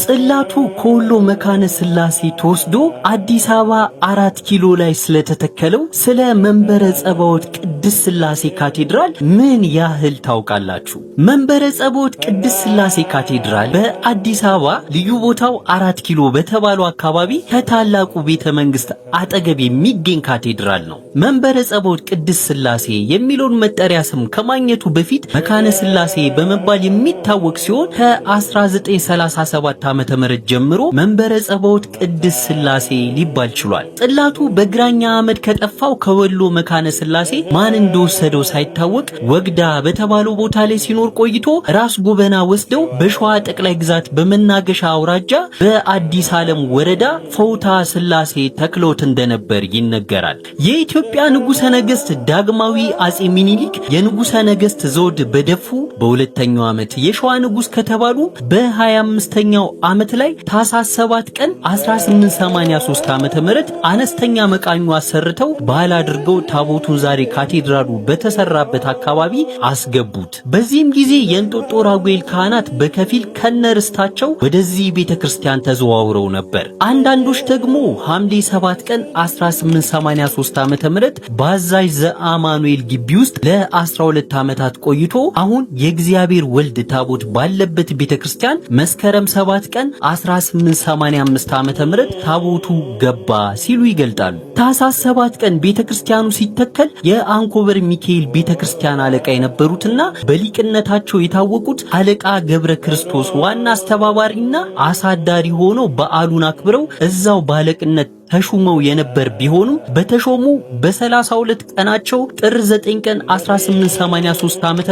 ጽላቱ ከወሎ መካነ ስላሴ ተወስዶ አዲስ አበባ አራት ኪሎ ላይ ስለተተከለው ስለ መንበረ ጸባዖት ቅድስ ስላሴ ካቴድራል ምን ያህል ታውቃላችሁ? መንበረ ጸባዖት ቅድስ ስላሴ ካቴድራል በአዲስ አበባ ልዩ ቦታው አራት ኪሎ በተባለው አካባቢ ከታላቁ ቤተ መንግስት አጠገብ የሚገኝ ካቴድራል ነው። መንበረ ጸባዖት ቅድስት ስላሴ የሚለውን መጠሪያ ስም ከማግኘቱ በፊት መካነ ስላሴ በመባል የሚታወቅ ሲሆን ከ1937 ከ ዓመተ ምህረት ጀምሮ መንበረ ጸባዖት ቅድስት ስላሴ ሊባል ችሏል። ጥላቱ በግራኛ አመድ ከጠፋው ከወሎ መካነ ስላሴ ማን እንደወሰደው ሳይታወቅ ወግዳ በተባለው ቦታ ላይ ሲኖር ቆይቶ ራስ ጎበና ወስደው በሸዋ ጠቅላይ ግዛት በመናገሻ አውራጃ በአዲስ ዓለም ወረዳ ፎውታ ስላሴ ተክሎት እንደነበር ይነገራል። የኢትዮጵያ ንጉሠ ነገሥት ዳግማዊ አጼ ሚኒሊክ የንጉሠ ነገሥት ዘውድ በደፉ በሁለተኛው ዓመት የሸዋ ንጉሥ ከተባሉ በ25ኛው በዚህኛው ዓመት ላይ ታሳ 7 ቀን 1883 ዓመተ ምህረት አነስተኛ መቃኙ አሰርተው ባህል አድርገው ታቦቱን ዛሬ ካቴድራሉ በተሰራበት አካባቢ አስገቡት። በዚህም ጊዜ የእንጦጦ ራጉኤል ካህናት በከፊል ከነርስታቸው ወደዚህ ቤተክርስቲያን ተዘዋውረው ነበር። አንዳንዶች ደግሞ ሐምሌ 7 ቀን 1883 ዓመተ ምህረት በአዛዥ ዘአማኑኤል ግቢ ውስጥ ለ12 ዓመታት ቆይቶ አሁን የእግዚአብሔር ወልድ ታቦት ባለበት ቤተክርስቲያን መስከረም 7 ሰባት ቀን 1885 ዓመተ ምህረት ታቦቱ ገባ ሲሉ ይገልጣሉ። ታኅሳስ ሰባት ቀን ቤተክርስቲያኑ ሲተከል የአንኮበር ሚካኤል ቤተክርስቲያን አለቃ የነበሩትና በሊቅነታቸው የታወቁት አለቃ ገብረ ክርስቶስ ዋና አስተባባሪና አሳዳሪ ሆነው በዓሉን አክብረው እዛው ባለቅነት ተሹመው የነበር ቢሆኑም በተሾሙ በ32 ቀናቸው ጥር 9 ቀን 1883 ዓመተ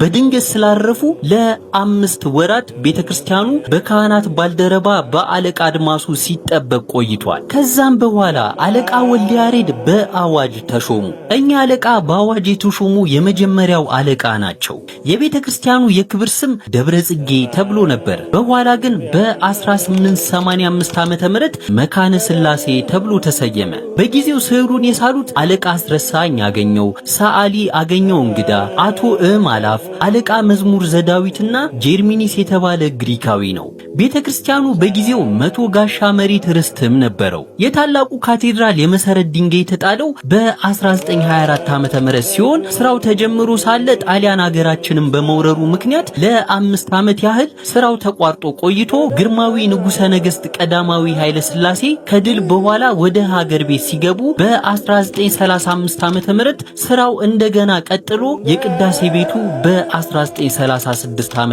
በድንገት ስላረፉ ለአምስት ወራት ቤተክርስቲያኑ በካህናት ባልደረባ በአለቃ አድማሱ ሲጠበቅ ቆይቷል። ከዛም በኋላ አለቃ ወልዲያሬድ ያሬድ በአዋጅ ተሾሙ። እኛ አለቃ በአዋጅ የተሾሙ የመጀመሪያው አለቃ ናቸው። የቤተክርስቲያኑ የክብር ስም ደብረ ጽጌ ተብሎ ነበር። በኋላ ግን በ1885 ዓመተ ምህረት መካነ ስላሴ ተብሎ ተሰየመ። በጊዜው ስዕሉን የሳሉት አለቃ አስረሳኝ አገኘው፣ ሰዓሊ አገኘው እንግዳ፣ አቶ እም አላፍ፣ አለቃ መዝሙር ዘዳዊትና ጀርሚኒስ የተባለ ግሪካዊ ነው። ቤተ ክርስቲያኑ በጊዜው መቶ ጋሻ መሬት ርስትም ነበረው። የታላቁ ካቴድራል የመሰረት ድንጋይ የተጣለው በ1924 ዓ.ም ሲሆን ስራው ተጀምሮ ሳለ ጣሊያን አገራችንን በመውረሩ ምክንያት ለአምስት ዓመት ያህል ስራው ተቋርጦ ቆይቶ ግርማዊ ንጉሠ ነገሥት ቀዳማዊ ኃይለ ሥላሴ ከድል በኋላ ወደ ሀገር ቤት ሲገቡ በ1935 ዓ.ም ስራው እንደገና ቀጥሎ የቅዳሴ ቤቱ በ1936 ዓ.ም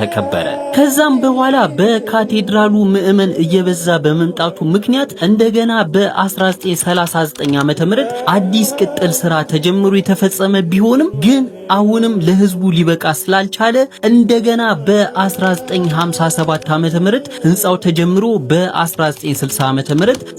ተከበረ። ከዛም በኋላ በካቴድራሉ ምዕመን እየበዛ በመምጣቱ ምክንያት እንደገና በ1939 ዓ.ም አዲስ ቅጥል ስራ ተጀምሮ የተፈጸመ ቢሆንም ግን አሁንም ለህዝቡ ሊበቃ ስላልቻለ እንደገና በ1957 ዓመተ ምህረት ህንፃው ተጀምሮ በ1960 ዓም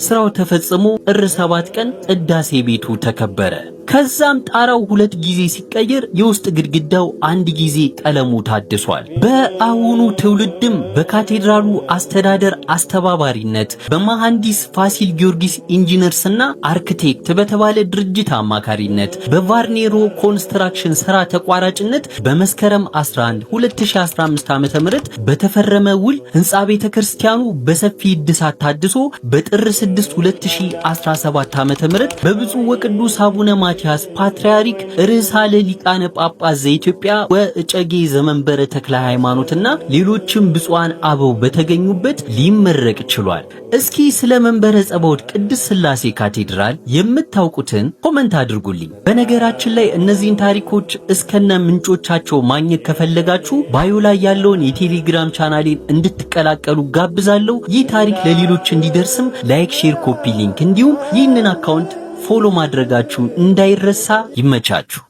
ስራው ተፈጽሞ ጥር 7 ቀን ቅዳሴ ቤቱ ተከበረ። ከዛም ጣራው ሁለት ጊዜ ሲቀየር የውስጥ ግድግዳው አንድ ጊዜ ቀለሙ ታድሷል። በአሁኑ ትውልድም በካቴድራሉ አስተዳደር አስተባባሪነት በመሐንዲስ ፋሲል ጊዮርጊስ ኢንጂነርስና አርክቴክት በተባለ ድርጅት አማካሪነት በቫርኔሮ ኮንስትራክሽን ስራ ተቋራጭነት በመስከረም 11 2015 ዓ.ም በተፈረመ ውል ህንፃ ቤተ ክርስቲያኑ በሰፊ እድሳት ታድሶ በጥር 6 2017 ዓ.ም በብፁዕ ወቅዱስ አቡነ ማቲያስ ፓትርያርክ ርዕሰ ሊቃነ ጳጳስ ዘኢትዮጵያ ወእጨጌ ዘመንበረ ተክለ ሃይማኖትና ሌሎችም ብፁዓን አበው በተገኙበት ሊመረቅ ችሏል። እስኪ ስለ መንበረ ጸባዖት ቅድስት ስላሴ ካቴድራል የምታውቁትን ኮመንት አድርጉልኝ። በነገራችን ላይ እነዚህን ታሪኮች እስከነ ምንጮቻቸው ማግኘት ከፈለጋችሁ ባዮ ላይ ያለውን የቴሌግራም ቻናሌን እንድትቀላቀሉ ጋብዛለሁ። ይህ ታሪክ ለሌሎች እንዲደርስም ላይክ፣ ሼር፣ ኮፒ ሊንክ እንዲሁም ይህንን አካውንት ፎሎ ማድረጋችሁ እንዳይረሳ። ይመቻችሁ።